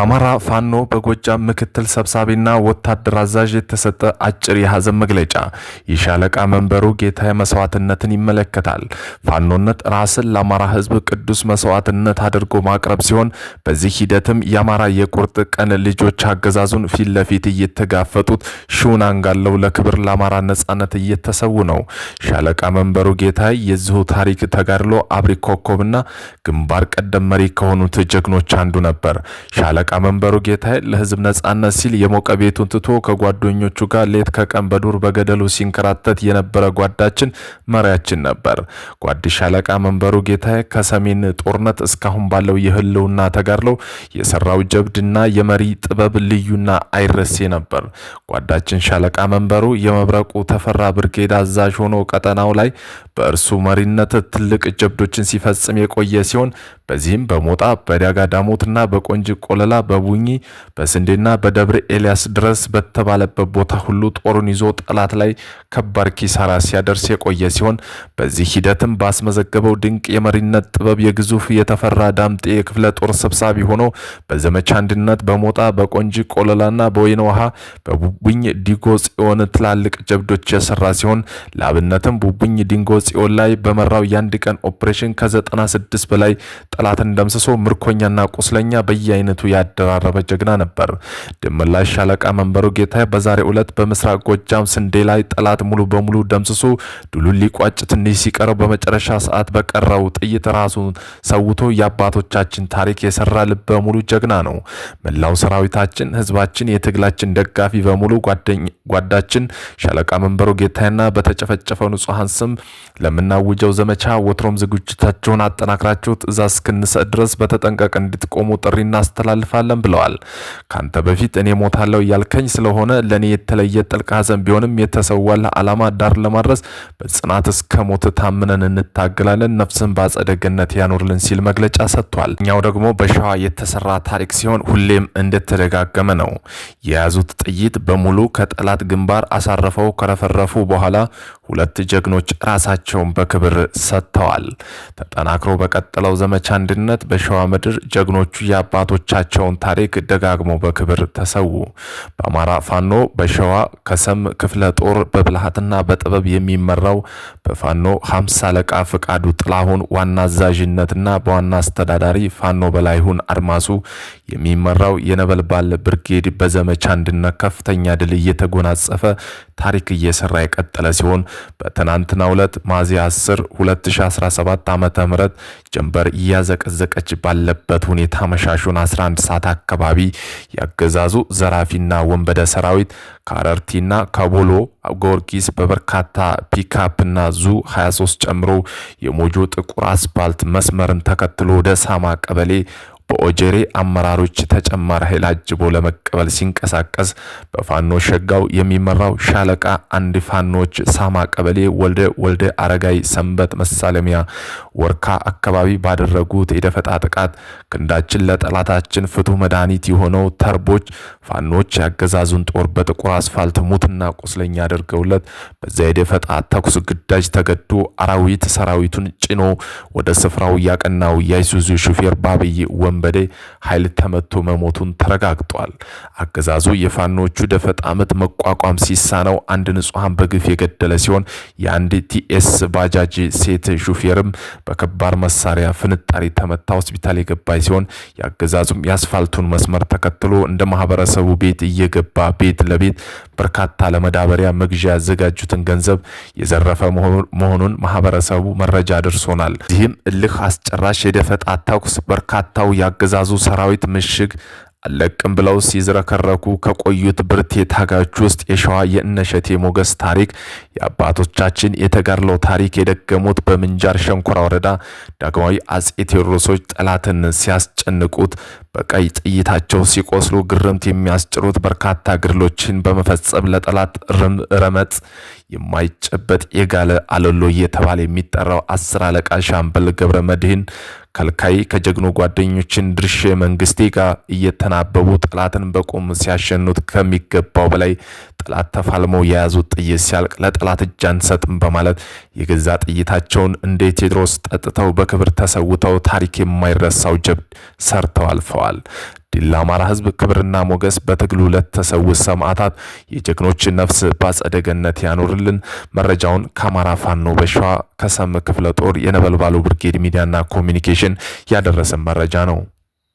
ከአማራ ፋኖ በጎጃም ምክትል ሰብሳቢና ወታደር አዛዥ የተሰጠ አጭር የሀዘን መግለጫ የሻለቃ መንበሩ ጌታ መስዋዕትነትን ይመለከታል። ፋኖነት ራስን ለአማራ ህዝብ ቅዱስ መስዋዕትነት አድርጎ ማቅረብ ሲሆን በዚህ ሂደትም የአማራ የቁርጥ ቀን ልጆች አገዛዙን ፊት ለፊት እየተጋፈጡት ሺውን አንጋለው ለክብር ለአማራ ነጻነት እየተሰዉ ነው። ሻለቃ መንበሩ ጌታ የዚሁ ታሪክ ተጋድሎ አብሪ ኮከብና ግንባር ቀደም መሪ ከሆኑት ጀግኖች አንዱ ነበር። ሻለቃ ሻለቃ መንበሩ ጌታዬ ለህዝብ ነጻነት ሲል የሞቀ ቤቱን ትቶ ከጓደኞቹ ጋር ሌት ከቀን በዱር በገደሉ ሲንከራተት የነበረ ጓዳችን መሪያችን ነበር። ጓድ ሻለቃ መንበሩ ጌታዬ ከሰሜን ጦርነት እስካሁን ባለው የህልውና ተጋድለው የሰራው ጀብድና የመሪ ጥበብ ልዩና አይረሴ ነበር። ጓዳችን ሻለቃ መንበሩ የመብረቁ ተፈራ ብርጌድ አዛዥ ሆኖ ቀጠናው ላይ በእርሱ መሪነት ትልቅ ጀብዶችን ሲፈጽም የቆየ ሲሆን በዚህም በሞጣ በዳጋ ዳሞትና በቆንጂ ቆለላ በቡኝ በስንዴና በደብረ ኤልያስ ድረስ በተባለበት ቦታ ሁሉ ጦሩን ይዞ ጠላት ላይ ከባድ ኪሳራ ሲያደርስ የቆየ ሲሆን በዚህ ሂደትም ባስመዘገበው ድንቅ የመሪነት ጥበብ የግዙፍ የተፈራ ዳምጤ የክፍለ ጦር ሰብሳቢ ሆኖ በዘመቻ አንድነት በሞጣ በቆንጂ ቆለላና በወይነ ውሃ በቡቡኝ ዲጎ ጽዮን ትላልቅ ጀብዶች የሰራ ሲሆን ለአብነትም ቡቡኝ ዲንጎ ጽዮን ላይ በመራው የአንድ ቀን ኦፕሬሽን ከ96 በላይ ጠላትን ደምስሶ ምርኮኛና ቁስለኛ በየአይነቱ ያ ያደራረበ ጀግና ነበር። ድምላሽ ሻለቃ መንበሩ ጌታ በዛሬ ዕለት በምስራቅ ጎጃም ስንዴ ላይ ጠላት ሙሉ በሙሉ ደምስሶ ድሉን ሊቋጭ ትንሽ ሲቀረው በመጨረሻ ሰዓት በቀረው ጥይት ራሱን ሰውቶ የአባቶቻችን ታሪክ የሰራ ልበ ሙሉ ጀግና ነው። መላው ሰራዊታችን፣ ህዝባችን፣ የትግላችን ደጋፊ በሙሉ ጓዳችን ሻለቃ መንበሩ ጌታና በተጨፈጨፈው ንጹሐን ስም ለምናውጀው ዘመቻ ወትሮም ዝግጅታቸውን አጠናክራቸው ትእዛዝ እስክንሰጥ ድረስ በተጠንቀቅ እንድትቆሙ ጥሪ እናስተላልፋለን። እናተርፋለን ብለዋል። ካንተ በፊት እኔ ሞታለሁ እያልከኝ ስለሆነ ለእኔ የተለየ ጥልቅ ሐዘን ቢሆንም የተሰዋል ዓላማ ዳር ለማድረስ በጽናት እስከ ሞት ታምነን እንታገላለን። ነፍስን በአጸደ ገነት ያኑርልን ሲል መግለጫ ሰጥቷል። እኛው ደግሞ በሸዋ የተሰራ ታሪክ ሲሆን ሁሌም እንደተደጋገመ ነው። የያዙት ጥይት በሙሉ ከጠላት ግንባር አሳርፈው ከረፈረፉ በኋላ ሁለት ጀግኖች ራሳቸውን በክብር ሰጥተዋል። ተጠናክሮ በቀጠለው ዘመቻ አንድነት በሸዋ ምድር ጀግኖቹ የአባቶቻቸውን ታሪክ ደጋግሞ በክብር ተሰዉ። በአማራ ፋኖ በሸዋ ከሰም ክፍለ ጦር በብልሃትና በጥበብ የሚመራው በፋኖ ሀምሳ አለቃ ፍቃዱ ጥላሁን ዋና አዛዥነትና በዋና አስተዳዳሪ ፋኖ በላይሁን አድማሱ የሚመራው የነበልባል ብርጌድ በዘመቻ አንድነት ከፍተኛ ድል እየተጎናጸፈ ታሪክ እየሰራ የቀጠለ ሲሆን በትናንትናው ዕለት ሚያዝያ 10 2017 ዓ ም ጀንበር እያዘቀዘቀች ባለበት ሁኔታ መሻሹን 11 ሰዓት አካባቢ ያገዛዙ ዘራፊና ወንበደ ሰራዊት ከአረርቲና ከቦሎ ጊዮርጊስ በበርካታ ፒካፕና ዙ 23 ጨምሮ የሞጆ ጥቁር አስፓልት መስመርን ተከትሎ ወደ ሳማ ቀበሌ በኦጀሬ አመራሮች ተጨማሪ ኃይል አጅቦ ለመቀበል ሲንቀሳቀስ በፋኖ ሸጋው የሚመራው ሻለቃ አንድ ፋኖች ሳማ ቀበሌ ወልደ ወልደ አረጋይ ሰንበት መሳለሚያ ወርካ አካባቢ ባደረጉት የደፈጣ ጥቃት ክንዳችን ለጠላታችን ፍቱህ መድኃኒት የሆነው ተርቦች ፋኖች ያገዛዙን ጦር በጥቁር አስፋልት ሙትና ቁስለኛ አድርገውለት በዚያ የደፈጣ ተኩስ ግዳጅ ተገዶ አራዊት ሰራዊቱን ጭኖ ወደ ስፍራው እያቀናው የአይሱዙ ሹፌር ባብይ ወን ወንበዴ ኃይል ተመቶ መሞቱን ተረጋግጧል። አገዛዙ የፋኖቹ ደፈጣ ምት መቋቋም ሲሳነው አንድ ንጹሐን በግፍ የገደለ ሲሆን የአንድ ቲኤስ ባጃጅ ሴት ሹፌርም በከባድ መሳሪያ ፍንጣሪ ተመታ ሆስፒታል የገባ ሲሆን የአገዛዙም የአስፋልቱን መስመር ተከትሎ እንደ ማህበረሰቡ ቤት እየገባ ቤት ለቤት በርካታ ለመዳበሪያ መግዣ ያዘጋጁትን ገንዘብ የዘረፈ መሆኑን ማህበረሰቡ መረጃ ደርሶናል። ይህም እልህ አስጨራሽ የደፈጣ ተኩስ በርካታው የአገዛዙ ሰራዊት ምሽግ አለቅም ብለው ሲዝረከረኩ ከቆዩት ብርቴ ታጋዮች ውስጥ የሸዋ የእነሸቴ ሞገስ ታሪክ የአባቶቻችን የተጋድለው ታሪክ የደገሙት በምንጃር ሸንኮራ ወረዳ ዳግማዊ አጼ ቴዎድሮሶች ጠላትን ሲያስጨንቁት በቀይ ጥይታቸው ሲቆስሉ ግርምት የሚያስጭሩት በርካታ ግድሎችን በመፈጸም ለጠላት ረመጥ የማይጨበጥ የጋለ አለሎ እየተባለ የሚጠራው አስር አለቃ ሻምበል ገብረ መድህን ከልካይ ከጀግኖ ጓደኞችን ድርሼ መንግስቴ ጋር እየተናበቡ ጠላትን በቁም ሲያሸኑት ከሚገባው በላይ ጠላት ተፋልሞ የያዙት ጥይት ሲያልቅ ለጠላት እጅ አንሰጥም በማለት የገዛ ጥይታቸውን እንደ ቴዎድሮስ ጠጥተው በክብር ተሰውተው ታሪክ የማይረሳው ጀብድ ሰርተው አልፈዋል። አድርገዋል። ድል ለአማራ ህዝብ ክብርና ሞገስ። በትግሉ ለተሰውት ሰማዕታት የጀግኖች ነፍስ ባጸደገነት ገነት ያኖርልን። መረጃውን ከአማራ ፋኖ በሸዋ ከሰም ክፍለ ጦር የነበልባሉ ብርጌድ ሚዲያና ኮሚኒኬሽን ያደረሰን መረጃ ነው።